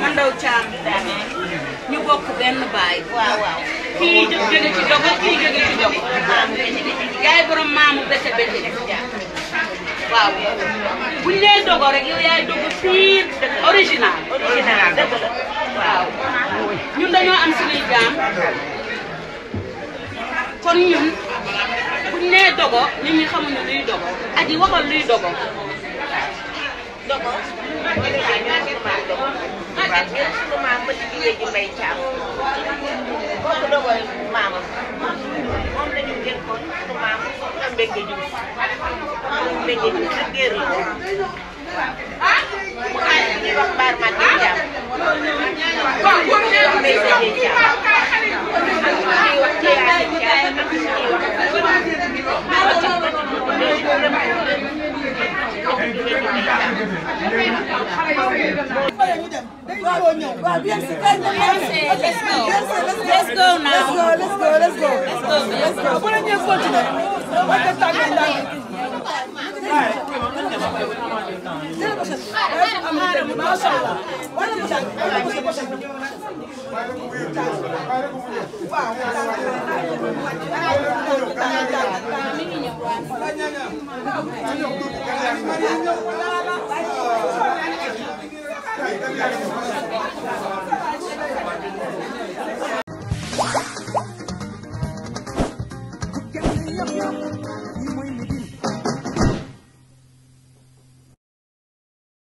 man daw caam ñu bokk benn baay waaw waaw kii jóge ci dogo kii jóge ci dogo yaay borom maamu bese bese waaw buñ nee dogo rek yow yaay dogo fii original original dëgg la waaw ñun dañoo am suñuy jaam kon ñun buñ nee dogo nit ñi xamuñu luy dogo aji waxal luy dogo. dogo. dogo. dogo. dogo. dogo. Well, we have to thank the Let's go. Let's go now. Let's go, let's go, let's go. Let's go. What are you going to do? What are you talking about? Waaw. Yep, yep.